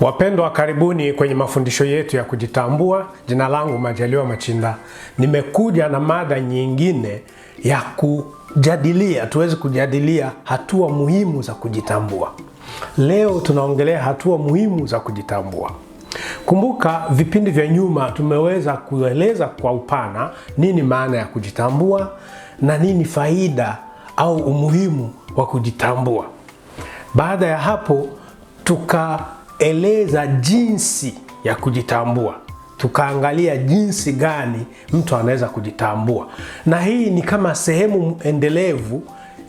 Wapendwa, karibuni kwenye mafundisho yetu ya kujitambua. Jina langu Majaliwa Machinda, nimekuja na mada nyingine ya kujadilia, tuweze kujadilia hatua muhimu za kujitambua. Leo tunaongelea hatua muhimu za kujitambua. Kumbuka vipindi vya nyuma tumeweza kueleza kwa upana nini maana ya kujitambua na nini faida au umuhimu wa kujitambua. Baada ya hapo tuka eleza jinsi ya kujitambua, tukaangalia jinsi gani mtu anaweza kujitambua, na hii ni kama sehemu endelevu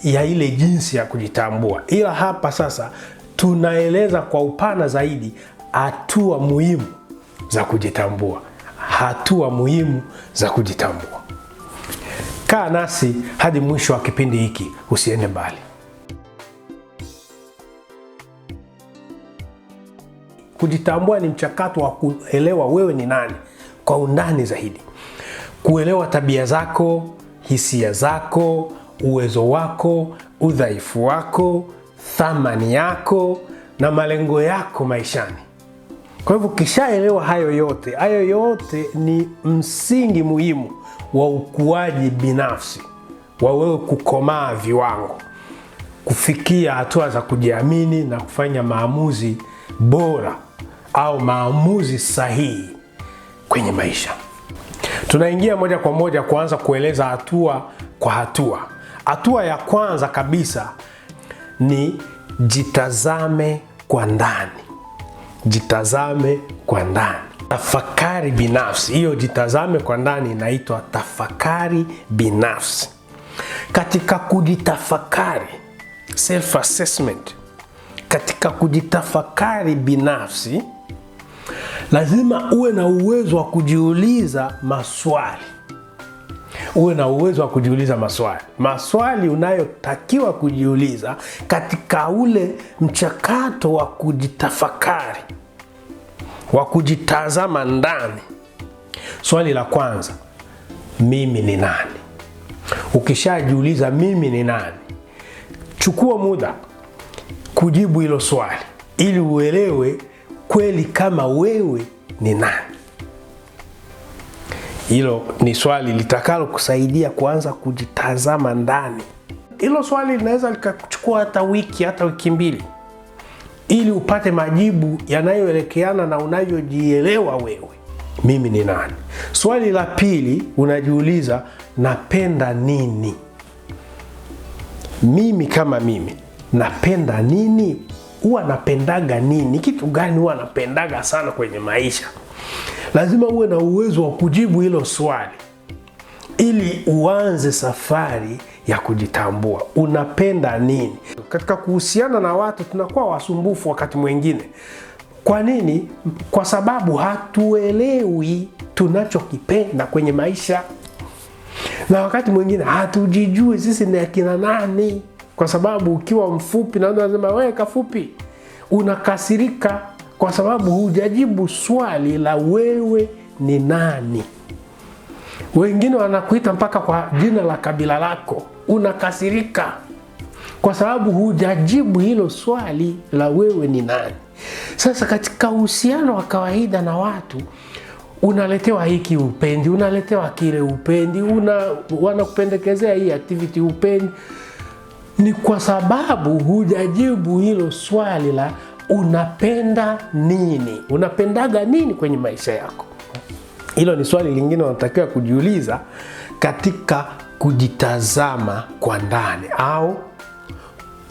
ya ile jinsi ya kujitambua, ila hapa sasa tunaeleza kwa upana zaidi hatua muhimu za kujitambua, hatua muhimu za kujitambua. Kaa nasi hadi mwisho wa kipindi hiki, usiende mbali. Kujitambua ni mchakato wa kuelewa wewe ni nani kwa undani zaidi, kuelewa tabia zako, hisia zako, uwezo wako, udhaifu wako, thamani yako na malengo yako maishani. Kwa hivyo kishaelewa hayo yote, hayo yote ni msingi muhimu wa ukuaji binafsi, wa wewe kukomaa viwango, kufikia hatua za kujiamini na kufanya maamuzi bora au maamuzi sahihi kwenye maisha. Tunaingia moja kwa moja kuanza kueleza hatua kwa hatua. Hatua ya kwanza kabisa ni jitazame kwa ndani. Jitazame kwa ndani, tafakari binafsi. Hiyo jitazame kwa ndani inaitwa tafakari binafsi. Katika kujitafakari, self assessment, katika kujitafakari binafsi lazima uwe na uwezo wa kujiuliza maswali, uwe na uwezo wa kujiuliza maswali. Maswali unayotakiwa kujiuliza katika ule mchakato wa kujitafakari, wa kujitazama ndani. Swali la kwanza, mimi ni nani? Ukishajiuliza mimi ni nani, chukua muda kujibu hilo swali ili uelewe kweli kama wewe ni nani. Hilo ni swali litakalo kusaidia kuanza kujitazama ndani. Hilo swali linaweza likakuchukua hata wiki hata wiki mbili, ili upate majibu yanayoelekeana na unavyojielewa wewe. Mimi ni nani? Swali la pili unajiuliza, napenda nini? Mimi kama mimi napenda nini? huwa anapendaga nini, kitu gani huwa napendaga sana kwenye maisha. Lazima uwe na uwezo wa kujibu hilo swali ili uanze safari ya kujitambua, unapenda nini. Katika kuhusiana na watu tunakuwa wasumbufu wakati mwingine. Kwa nini? Kwa sababu hatuelewi tunachokipenda kwenye maisha, na wakati mwingine hatujijui sisi ni akina nani kwa sababu ukiwa mfupi na anasema wewe kafupi, unakasirika kwa sababu hujajibu swali la wewe ni nani. Wengine wanakuita mpaka kwa jina la kabila lako, unakasirika kwa sababu hujajibu hilo swali la wewe ni nani. Sasa katika uhusiano wa kawaida na watu unaletewa hiki upendi, unaletewa kile upendi, una wanakupendekezea hii activity upendi ni kwa sababu hujajibu hilo swali la unapenda nini, unapendaga nini kwenye maisha yako. Hilo ni swali lingine unatakiwa kujiuliza katika kujitazama kwa ndani au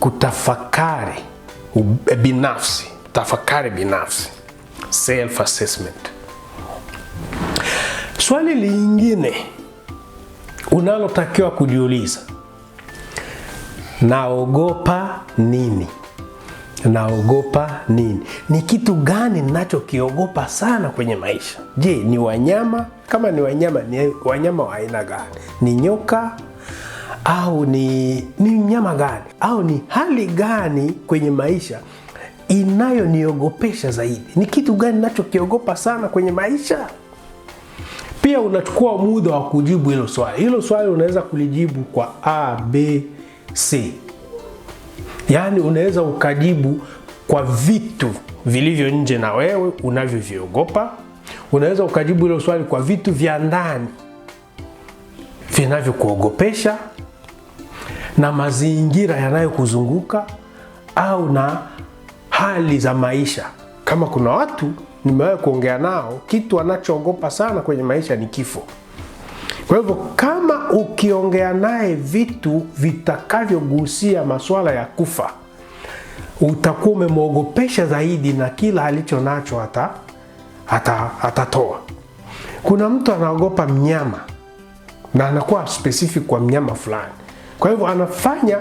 kutafakari binafsi, tafakari binafsi, self assessment. Swali lingine unalotakiwa kujiuliza naogopa nini? Naogopa nini? Ni kitu gani ninachokiogopa sana kwenye maisha? Je, ni wanyama? Kama ni wanyama, ni wanyama wa aina gani? Ni nyoka au ni ni mnyama gani? Au ni hali gani kwenye maisha inayoniogopesha zaidi? Ni kitu gani ninachokiogopa sana kwenye maisha? Pia unachukua muda wa kujibu hilo swali. Hilo swali unaweza kulijibu kwa a b C. Yaani unaweza ukajibu kwa vitu vilivyo nje na wewe unavyoviogopa. Unaweza ukajibu hilo swali kwa vitu vya ndani vinavyokuogopesha na mazingira yanayokuzunguka au na hali za maisha. Kama kuna watu nimewahi kuongea nao, kitu wanachoogopa sana kwenye maisha ni kifo. Kwa hivyo kama ukiongea naye vitu vitakavyogusia masuala ya kufa, utakuwa umemwogopesha zaidi, na kila alicho nacho hata atatoa. Kuna mtu anaogopa mnyama na anakuwa specific kwa mnyama fulani, kwa hivyo anafanya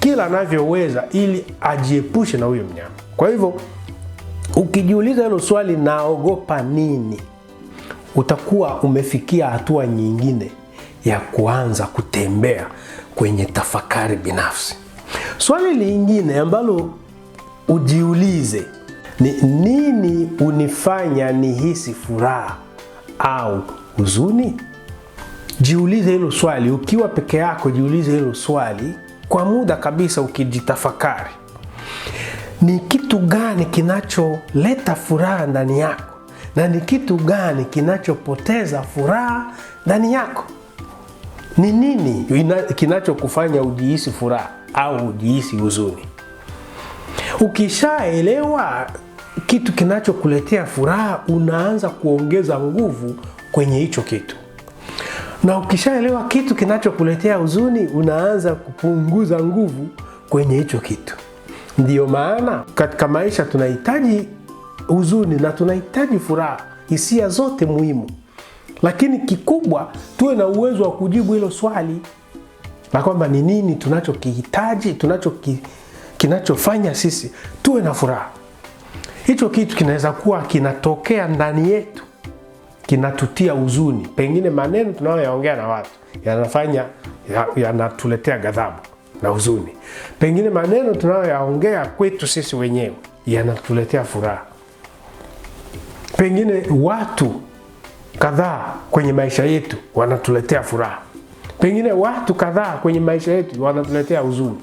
kila anavyoweza ili ajiepushe na huyo mnyama. Kwa hivyo ukijiuliza hilo swali, naogopa nini? utakuwa umefikia hatua nyingine ya kuanza kutembea kwenye tafakari binafsi. Swali lingine ambalo ujiulize ni nini unifanya nihisi furaha au huzuni? Jiulize hilo swali ukiwa peke yako, jiulize hilo swali kwa muda kabisa, ukijitafakari ni kitu gani kinacholeta furaha ndani yako? na ni kitu gani kinachopoteza furaha ndani yako? Ni nini kinachokufanya ujihisi furaha au ujihisi huzuni? Ukishaelewa kitu kinachokuletea furaha, unaanza kuongeza nguvu kwenye hicho kitu, na ukishaelewa kitu kinachokuletea huzuni, unaanza kupunguza nguvu kwenye hicho kitu. Ndiyo maana katika maisha tunahitaji huzuni na tunahitaji furaha, hisia zote muhimu, lakini kikubwa tuwe na uwezo wa kujibu hilo swali na kwamba ni nini tunachokihitaji tunacho ki, kinachofanya sisi tuwe na furaha. Hicho kitu kinaweza kuwa kinatokea ndani yetu kinatutia huzuni, pengine maneno tunayoyaongea na watu yanafanya yanatuletea ya ghadhabu na huzuni, pengine maneno tunayoyaongea kwetu sisi wenyewe yanatuletea furaha. Pengine watu kadhaa kwenye maisha yetu wanatuletea furaha, pengine watu kadhaa kwenye maisha yetu wanatuletea huzuni.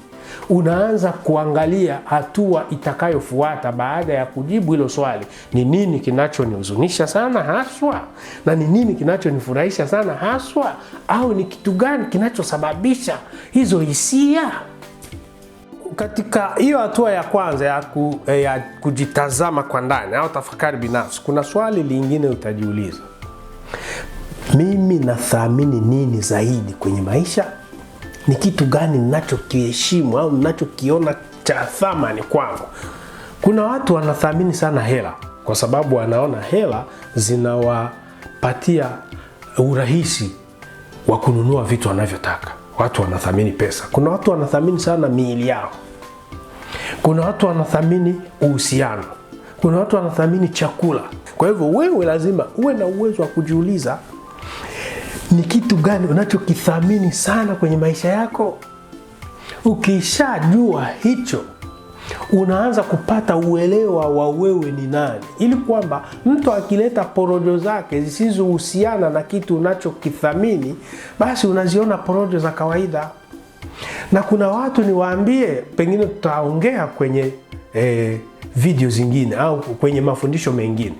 Unaanza kuangalia hatua itakayofuata baada ya kujibu hilo swali: ni nini kinachonihuzunisha sana haswa, na ni nini kinachonifurahisha sana haswa, au ni kitu gani kinachosababisha hizo hisia? katika hiyo hatua ya kwanza ya, ku, eh, ya kujitazama kwa ndani au tafakari binafsi, kuna swali lingine utajiuliza, mimi nathamini nini zaidi kwenye maisha? Ni kitu gani ninachokiheshimu au ninachokiona cha thamani kwangu? Kuna watu wanathamini sana hela kwa sababu wanaona hela zinawapatia urahisi wa kununua vitu wanavyotaka. Watu wanathamini pesa. Kuna watu wanathamini sana miili yao. Kuna watu wanathamini uhusiano, kuna watu wanathamini chakula. Kwa hivyo wewe lazima uwe na uwezo wa kujiuliza ni kitu gani unachokithamini sana kwenye maisha yako. Ukishajua hicho unaanza kupata uelewa wa wewe ni nani, ili kwamba mtu akileta porojo zake zisizohusiana na kitu unachokithamini, basi unaziona porojo za kawaida na kuna watu niwaambie, pengine tutaongea kwenye eh, video zingine au kwenye mafundisho mengine.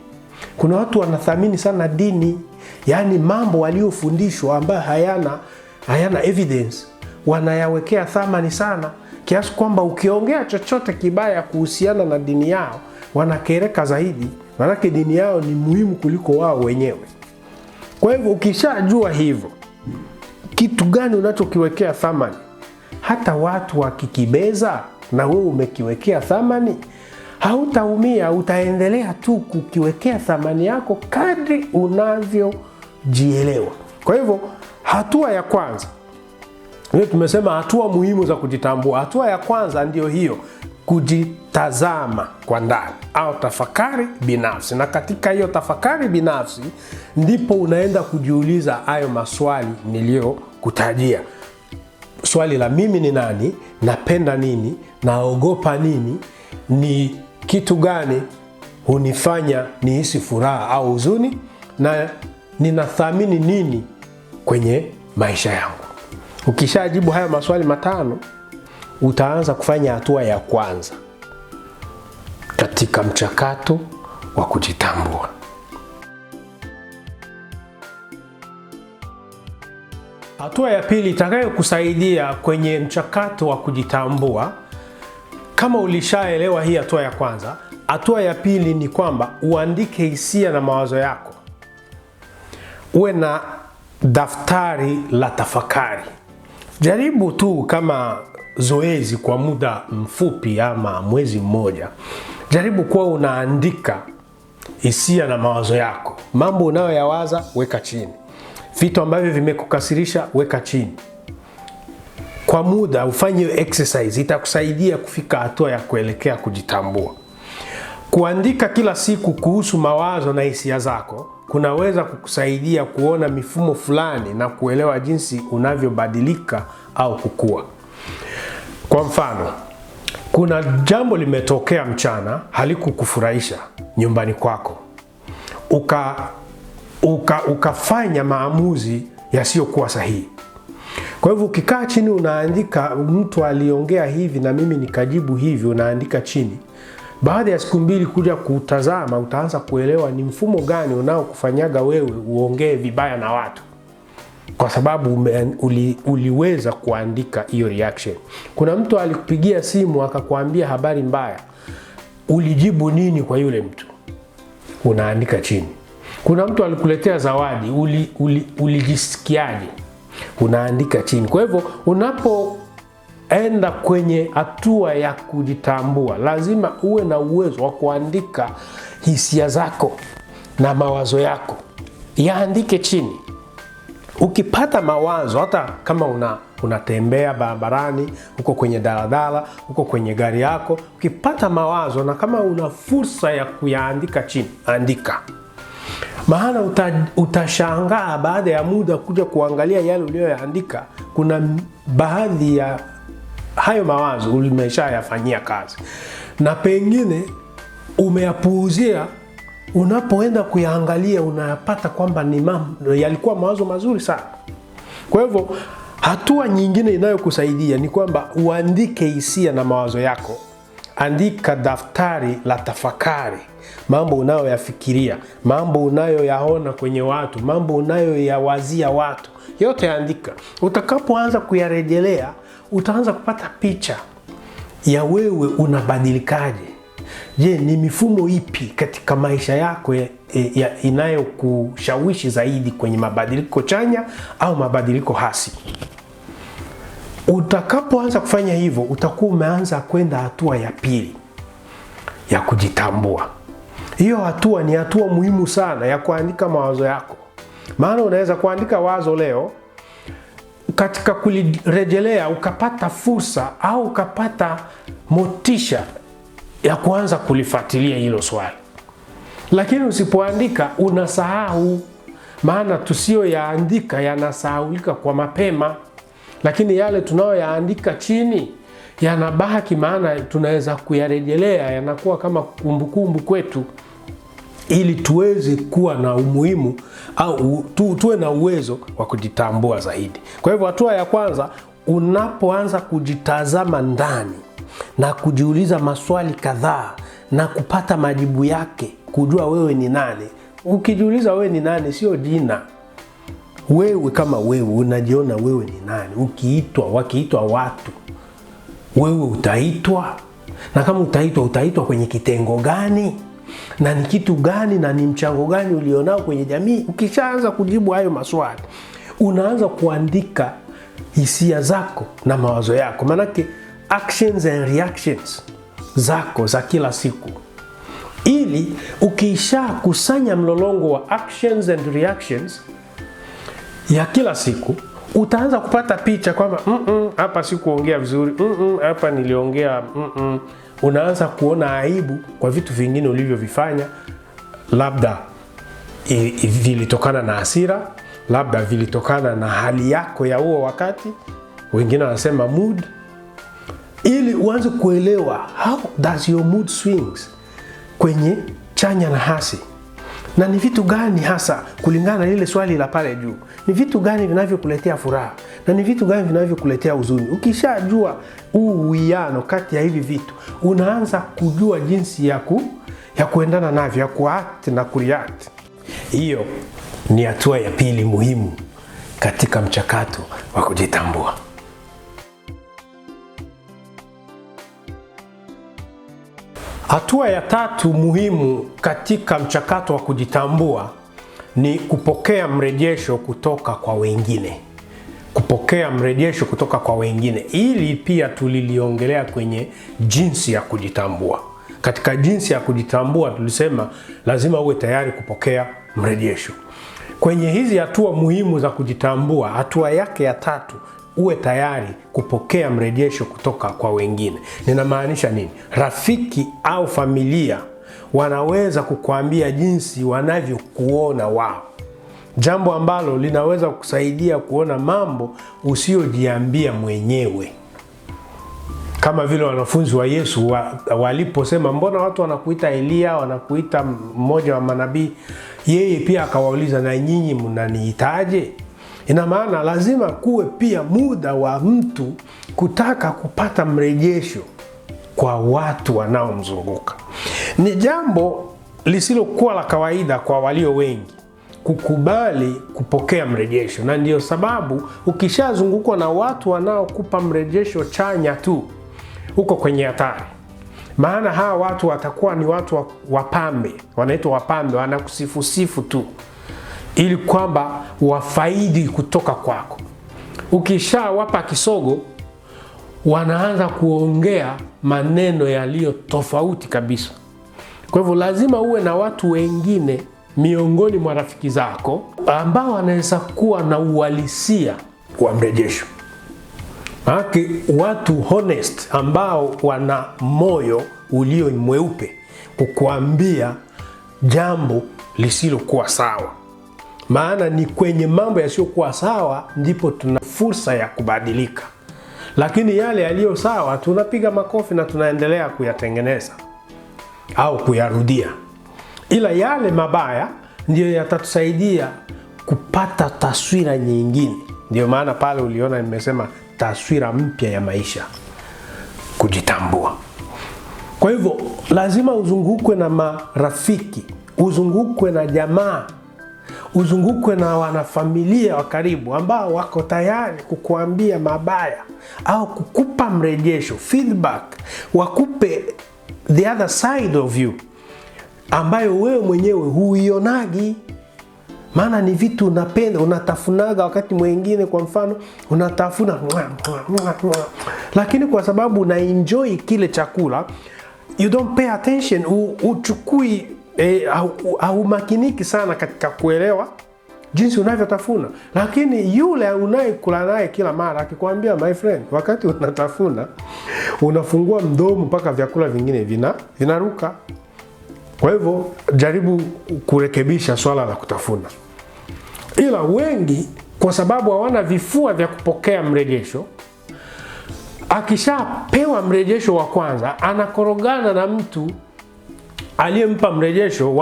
Kuna watu wanathamini sana dini, yaani mambo waliofundishwa ambayo hayana, hayana evidence wanayawekea thamani sana kiasi kwamba ukiongea chochote kibaya kuhusiana na dini yao wanakereka zaidi, manake dini yao ni muhimu kuliko wao wenyewe. Kwa hivyo ukishajua hivyo, kitu gani unachokiwekea thamani hata watu wakikibeza na wewe umekiwekea thamani, hautaumia, utaendelea tu kukiwekea thamani yako kadri unavyojielewa. Kwa hivyo, hatua ya kwanza hiyo tumesema hatua muhimu za kujitambua. Hatua ya kwanza ndiyo hiyo, kujitazama kwa ndani au tafakari binafsi, na katika hiyo tafakari binafsi ndipo unaenda kujiuliza hayo maswali niliyokutajia swali la mimi ni nani, napenda nini, naogopa nini, ni kitu gani hunifanya nihisi furaha au huzuni, na ninathamini nini kwenye maisha yangu. Ukishajibu haya maswali matano, utaanza kufanya hatua ya kwanza katika mchakato wa kujitambua. Hatua ya pili itakayokusaidia kwenye mchakato wa kujitambua, kama ulishaelewa hii hatua ya kwanza, hatua ya pili ni kwamba uandike hisia na mawazo yako. Uwe na daftari la tafakari. Jaribu tu kama zoezi kwa muda mfupi ama mwezi mmoja, jaribu kuwa unaandika hisia na mawazo yako, mambo unayoyawaza weka chini. Vitu ambavyo vimekukasirisha weka chini kwa muda, ufanye exercise, itakusaidia kufika hatua ya kuelekea kujitambua. Kuandika kila siku kuhusu mawazo na hisia zako kunaweza kukusaidia kuona mifumo fulani na kuelewa jinsi unavyobadilika au kukua. Kwa mfano, kuna jambo limetokea mchana halikukufurahisha nyumbani kwako uka uka, ukafanya maamuzi yasiyokuwa sahihi. Kwa hivyo ukikaa chini unaandika, mtu aliongea hivi na mimi nikajibu hivi, unaandika chini. Baada ya siku mbili kuja kutazama utaanza kuelewa ni mfumo gani unaokufanyaga wewe uongee vibaya na watu, kwa sababu ume, uli, uliweza kuandika hiyo reaction. Kuna mtu alikupigia simu akakwambia habari mbaya, ulijibu nini kwa yule mtu? Unaandika chini kuna mtu alikuletea zawadi, ulijisikiaje? Uli, uli unaandika chini. Kwa hivyo unapoenda kwenye hatua ya kujitambua, lazima uwe na uwezo wa kuandika hisia zako na mawazo yako, yaandike chini. Ukipata mawazo, hata kama una unatembea barabarani, uko kwenye daladala, uko kwenye gari yako, ukipata mawazo na kama una fursa ya kuyaandika chini, andika maana uta, utashangaa baada ya muda kuja kuangalia yale uliyoyaandika, kuna baadhi ya hayo mawazo umeshayafanyia kazi na pengine umeyapuuzia. Unapoenda kuyaangalia, unayapata kwamba ni mambo yalikuwa mawazo mazuri sana. Kwa hivyo hatua nyingine inayokusaidia ni kwamba uandike hisia na mawazo yako. Andika daftari la tafakari mambo unayoyafikiria, mambo unayoyaona kwenye watu, mambo unayoyawazia watu, yote andika. Utakapoanza kuyarejelea, utaanza kupata picha ya wewe unabadilikaje. Je, ni mifumo ipi katika maisha yako ya, ya inayokushawishi zaidi kwenye mabadiliko chanya au mabadiliko hasi? Utakapoanza kufanya hivyo, utakuwa umeanza kwenda hatua ya pili ya kujitambua. Hiyo hatua ni hatua muhimu sana ya kuandika mawazo yako, maana unaweza kuandika wazo leo, katika kulirejelea ukapata fursa au ukapata motisha ya kuanza kulifuatilia hilo swali, lakini usipoandika unasahau. Maana tusiyoyaandika yanasahaulika kwa mapema, lakini yale tunayoyaandika chini yanabaki, maana tunaweza kuyarejelea, yanakuwa kama kumbukumbu kumbu kwetu ili tuweze kuwa na umuhimu au tu, tuwe na uwezo wa kujitambua zaidi. Kwa hivyo, hatua ya kwanza, unapoanza kujitazama ndani na kujiuliza maswali kadhaa na kupata majibu yake, kujua wewe ni nani. Ukijiuliza wewe ni nani, sio jina wewe kama wewe unajiona wewe ni nani? Ukiitwa, wakiitwa watu, wewe utaitwa? Na kama utaitwa, utaitwa kwenye kitengo gani? na ni kitu gani na ni mchango gani ulionao kwenye jamii. Ukishaanza kujibu hayo maswali, unaanza kuandika hisia zako na mawazo yako, maanake actions and reactions zako za kila siku, ili ukishakusanya mlolongo wa actions and reactions ya kila siku utaanza kupata picha kwamba hapa mm -mm, sikuongea vizuri mm, mm, hapa mm niliongea mm -mm. Unaanza kuona aibu kwa vitu vingine ulivyovifanya, labda vilitokana na hasira, labda vilitokana na hali yako ya huo wakati, wengine wanasema mood, ili uanze kuelewa how does your mood swings kwenye chanya na hasi na ni vitu gani hasa, kulingana na lile swali la pale juu, ni vitu gani vinavyokuletea furaha na ni vitu gani vinavyokuletea huzuni? Ukishajua huu uwiano kati ya hivi vitu, unaanza kujua jinsi ya ku ya kuendana navyo, ya kuact na kureact. Hiyo ni hatua ya pili muhimu katika mchakato wa kujitambua. Hatua ya tatu muhimu katika mchakato wa kujitambua ni kupokea mrejesho kutoka kwa wengine, kupokea mrejesho kutoka kwa wengine. ili pia tuliliongelea kwenye jinsi ya kujitambua. Katika jinsi ya kujitambua tulisema lazima uwe tayari kupokea mrejesho. Kwenye hizi hatua muhimu za kujitambua, hatua yake ya tatu uwe tayari kupokea mrejesho kutoka kwa wengine. Ninamaanisha nini? Rafiki au familia wanaweza kukuambia jinsi wanavyokuona wao, jambo ambalo linaweza kusaidia kuona mambo usiyojiambia mwenyewe, kama vile wanafunzi wa Yesu wa, waliposema mbona watu wanakuita Eliya, wanakuita mmoja wa manabii, yeye pia akawauliza na nyinyi mnanihitaje? Ina maana lazima kuwe pia muda wa mtu kutaka kupata mrejesho kwa watu wanaomzunguka. Ni jambo lisilokuwa la kawaida kwa walio wengi kukubali kupokea mrejesho, na ndiyo sababu ukishazungukwa na watu wanaokupa mrejesho chanya tu, uko kwenye hatari. Maana hawa watu watakuwa ni watu wapambe, wanaitwa wapambe, wanakusifusifu tu ili kwamba wafaidi kutoka kwako. Ukishawapa kisogo, wanaanza kuongea maneno yaliyo tofauti kabisa. Kwa hivyo lazima uwe na watu wengine miongoni mwa rafiki zako ambao wanaweza kuwa na uhalisia wa mrejesho. Maanake watu honest ambao wana moyo ulio mweupe kukuambia jambo lisilokuwa sawa maana ni kwenye mambo yasiyokuwa sawa ndipo tuna fursa ya kubadilika, lakini yale yaliyo sawa tunapiga makofi na tunaendelea kuyatengeneza au kuyarudia, ila yale mabaya ndiyo yatatusaidia kupata taswira nyingine. Ndiyo maana pale uliona nimesema taswira mpya ya maisha, kujitambua. Kwa hivyo lazima uzungukwe na marafiki, uzungukwe na jamaa uzungukwe na wanafamilia wa karibu ambao wako tayari kukuambia mabaya au kukupa mrejesho feedback, wakupe the other side of you ambayo wewe mwenyewe huionagi. Maana ni vitu unapenda unatafunaga, wakati mwingine, kwa mfano, unatafuna mwa, mwa, mwa, mwa. Lakini kwa sababu unaenjoi kile chakula you don't pay attention, uchukui e, sana katika kuelewa jinsi unavyotafuna, lakini yule unayekula naye kila mara akikwambia my friend, wakati unatafuna unafungua mdomo mpaka vyakula vingine vina vinaruka. Kwa hivyo jaribu kurekebisha swala la kutafuna, ila wengi kwa sababu hawana vifua vya kupokea mrejesho, akishapewa mrejesho wa kwanza anakorogana na mtu aliyempa mrejesho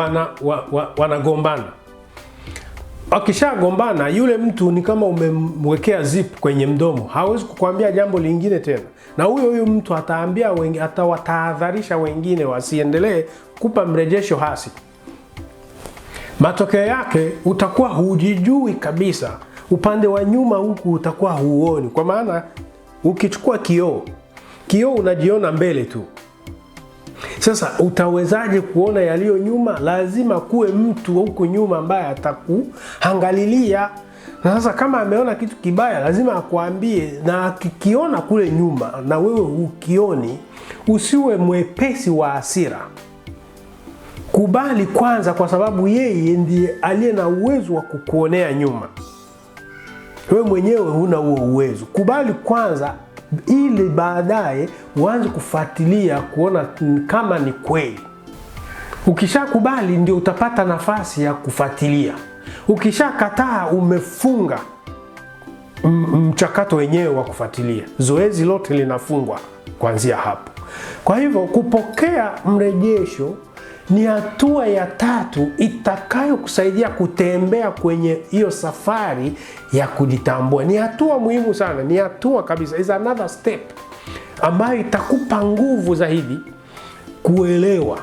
wanagombana, wana wakishagombana, yule mtu ni kama umemwekea zip kwenye mdomo, hawezi kukwambia jambo lingine tena, na huyo huyo mtu ataambia wengi, atawatahadharisha wengine wasiendelee kupa mrejesho hasi. Matokeo yake utakuwa hujijui kabisa, upande wa nyuma huku utakuwa huoni, kwa maana ukichukua kioo, kioo unajiona mbele tu sasa utawezaje kuona yaliyo nyuma? Lazima kuwe mtu huku nyuma ambaye atakuangalilia. Na sasa kama ameona kitu kibaya, lazima akuambie, na akikiona kule nyuma na wewe ukioni, usiwe mwepesi wa hasira. Kubali kwanza, kwa sababu yeye ndiye aliye na uwezo wa kukuonea nyuma. Wewe mwenyewe huna huo uwezo. Kubali kwanza ili baadaye uanze kufuatilia kuona kama ni kweli. Ukishakubali ndio utapata nafasi ya kufuatilia. Ukishakataa umefunga mchakato wenyewe wa kufuatilia, zoezi lote linafungwa kuanzia hapo. Kwa hivyo kupokea mrejesho ni hatua ya tatu itakayokusaidia kutembea kwenye hiyo safari ya kujitambua. Ni hatua muhimu sana, ni hatua kabisa, is another step ambayo itakupa nguvu zaidi kuelewa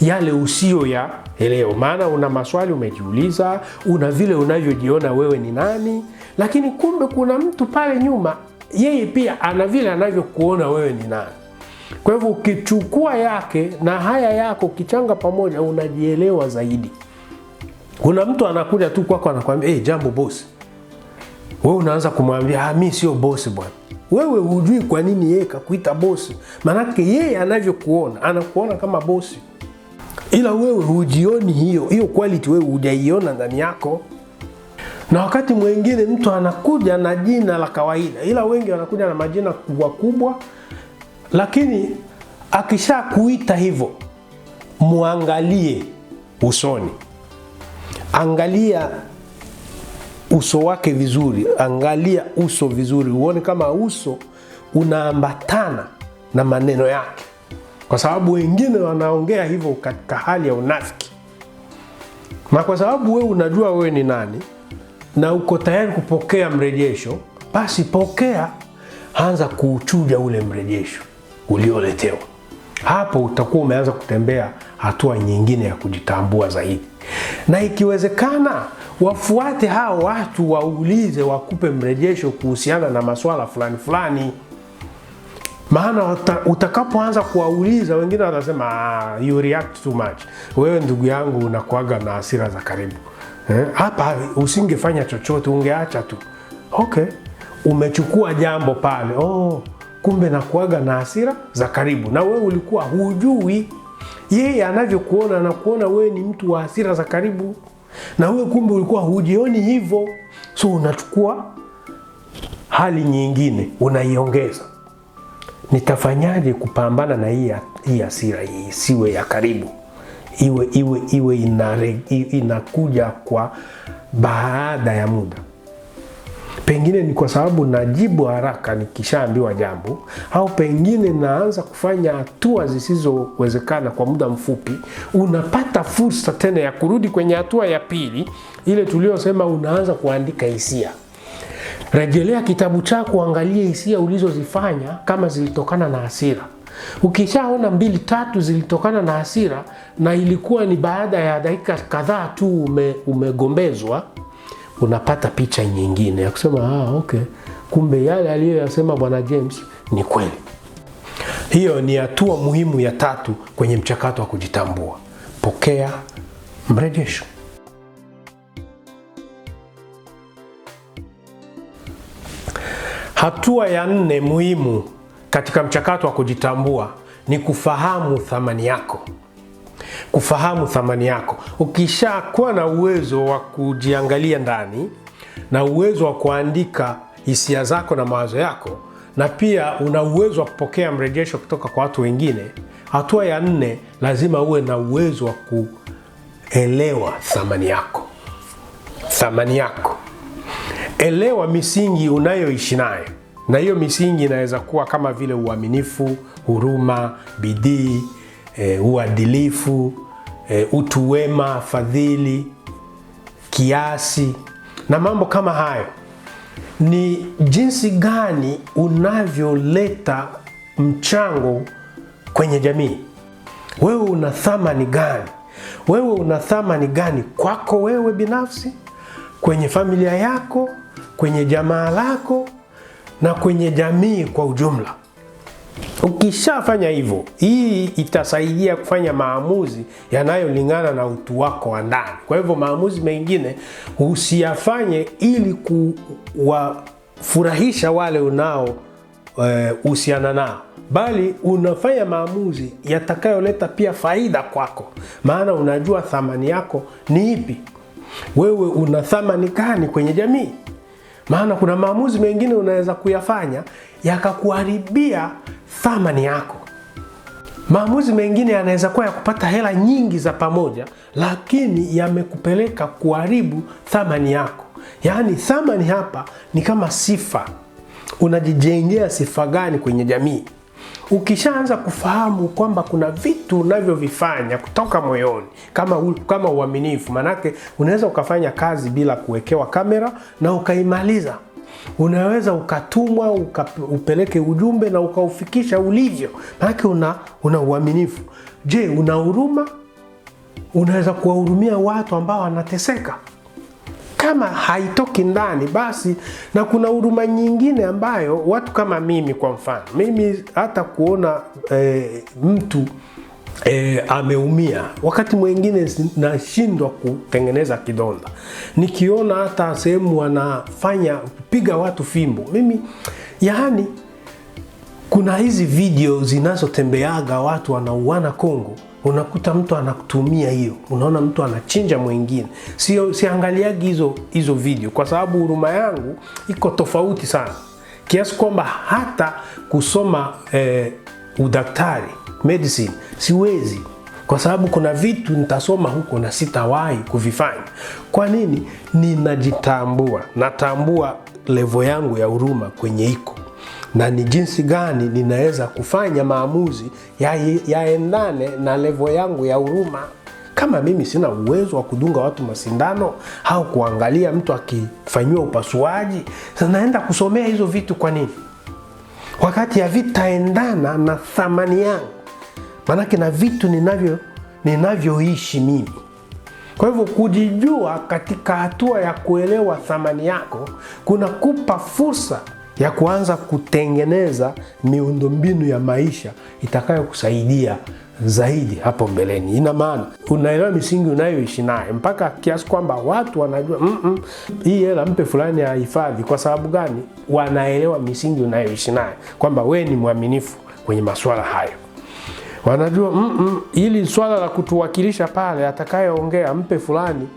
yale usio ya elewa. Maana una maswali umejiuliza, una vile unavyojiona wewe ni nani, lakini kumbe kuna mtu pale nyuma, yeye pia ana vile anavyokuona wewe ni nani. Kwa hivyo ukichukua yake na haya yako ukichanga pamoja, unajielewa zaidi. Kuna mtu anakuja tu kwako anakuambia hey, eh, jambo bosi, wewe unaanza kumwambia ah, mimi sio bosi bwana. Wewe hujui kwa nini yeye kakuita bosi, maanake yeye anavyokuona anakuona kama bosi, ila wewe hujioni hiyo hiyo quality, wewe hujaiona ndani yako. Na wakati mwingine mtu anakuja na jina la kawaida, ila wengi wanakuja na majina kubwa kubwa lakini akishakuita hivyo, muangalie usoni, angalia uso wake vizuri, angalia uso vizuri, uone kama uso unaambatana na maneno yake, kwa sababu wengine wanaongea hivyo katika hali ya unafiki, na kwa sababu wewe unajua wewe ni nani na uko tayari kupokea mrejesho, basi pokea, anza kuuchuja ule mrejesho ulioletewa. Hapo utakuwa umeanza kutembea hatua nyingine ya kujitambua zaidi, na ikiwezekana wafuate hao watu, waulize, wakupe mrejesho kuhusiana na maswala fulani fulani, maana utakapoanza kuwauliza wengine watasema ah, you react too much. Wewe ndugu yangu unakuaga na hasira za karibu eh? Hapa usingefanya chochote, ungeacha tu. Okay, umechukua jambo pale, oh kumbe nakuaga na hasira za karibu, na wewe ulikuwa hujui. Yeye anavyokuona anakuona wewe ni mtu wa hasira za karibu, na wewe kumbe ulikuwa hujioni hivyo, so unachukua hali nyingine unaiongeza. Nitafanyaje kupambana na hii hii hasira hii isiwe ya karibu, iwe iwe iwe inakuja kwa baada ya muda. Pengine ni kwa sababu najibu haraka nikishaambiwa jambo, au pengine naanza kufanya hatua zisizowezekana kwa muda mfupi. Unapata fursa tena ya kurudi kwenye hatua ya pili, ile tuliyosema, unaanza kuandika hisia. Rejelea kitabu chako, angalie hisia ulizozifanya kama zilitokana na hasira. Ukishaona mbili tatu zilitokana na hasira na ilikuwa ni baada ya dakika kadhaa tu ume, umegombezwa unapata picha nyingine ya kusema ah, okay, kumbe yale aliyoyasema Bwana James ni kweli. Hiyo ni hatua muhimu ya tatu kwenye mchakato wa kujitambua: pokea mrejesho. Hatua ya nne muhimu katika mchakato wa kujitambua ni kufahamu thamani yako kufahamu thamani yako. Ukishakuwa na uwezo wa kujiangalia ndani na uwezo wa kuandika hisia zako na mawazo yako, na pia una uwezo wa kupokea mrejesho kutoka kwa watu wengine, hatua ya nne, lazima uwe na uwezo wa kuelewa thamani yako. Thamani yako, elewa misingi unayoishi nayo na hiyo misingi inaweza kuwa kama vile uaminifu, huruma, bidii, e, uadilifu e, utu wema, fadhili, kiasi na mambo kama hayo. Ni jinsi gani unavyoleta mchango kwenye jamii. Wewe una thamani gani? Wewe una thamani gani kwako wewe binafsi, kwenye familia yako, kwenye jamaa lako na kwenye jamii kwa ujumla? Ukishafanya hivyo, hii itasaidia kufanya maamuzi yanayolingana na utu wako wa ndani. Kwa hivyo maamuzi mengine usiyafanye ili kuwafurahisha wale unao eh, husiana nao, bali unafanya maamuzi yatakayoleta pia faida kwako, maana unajua thamani yako ni ipi. Wewe una thamani gani kwenye jamii? Maana kuna maamuzi mengine unaweza kuyafanya yakakuharibia thamani yako. Maamuzi mengine yanaweza kuwa ya kupata hela nyingi za pamoja, lakini yamekupeleka kuharibu thamani yako. Yaani thamani hapa ni kama sifa. Unajijengea sifa gani kwenye jamii? Ukishaanza kufahamu kwamba kuna vitu unavyovifanya kutoka moyoni kama, kama uaminifu, maanake unaweza ukafanya kazi bila kuwekewa kamera na ukaimaliza unaweza ukatumwa upeleke ujumbe na ukaufikisha ulivyo, maanake una, una uaminifu. Je, una huruma? Unaweza kuwahurumia watu ambao wanateseka? Kama haitoki ndani basi, na kuna huruma nyingine ambayo watu kama mimi, kwa mfano mimi hata kuona eh, mtu E, ameumia wakati mwingine nashindwa kutengeneza kidonda, nikiona hata sehemu wanafanya kupiga watu fimbo mimi, yaani kuna hizi video zinazotembeaga watu wanauana Kongo, unakuta mtu anakutumia hiyo, unaona mtu anachinja mwingine. Sio, siangaliagi hizo hizo video kwa sababu huruma yangu iko tofauti sana kiasi kwamba hata kusoma eh, udaktari medicine siwezi, kwa sababu kuna vitu nitasoma huko na sitawahi kuvifanya. Kwa nini? Ninajitambua, natambua levo yangu ya huruma kwenye iko na ni jinsi gani ninaweza kufanya maamuzi yaendane ya na levo yangu ya huruma. Kama mimi sina uwezo wa kudunga watu masindano au kuangalia mtu akifanyiwa upasuaji, sasa naenda kusomea hizo vitu kwa nini, wakati havitaendana na thamani yangu? maanake na vitu ninavyo ninavyoishi mimi. Kwa hivyo kujijua katika hatua ya kuelewa thamani yako kunakupa fursa ya kuanza kutengeneza miundombinu ya maisha itakayokusaidia zaidi hapo mbeleni. Ina maana unaelewa misingi unayoishi naye mpaka kiasi kwamba watu wanajua mm -mm, hii hela mpe fulani ya hifadhi. Kwa sababu gani? Wanaelewa misingi unayoishi naye kwamba wee ni mwaminifu kwenye masuala hayo wanajua mm -mm, ili swala la kutuwakilisha pale, atakayeongea mpe fulani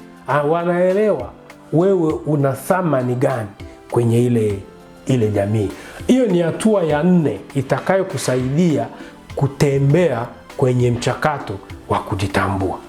wanaelewa wewe una thamani gani kwenye ile ile jamii. Hiyo ni hatua ya nne itakayokusaidia kutembea kwenye mchakato wa kujitambua.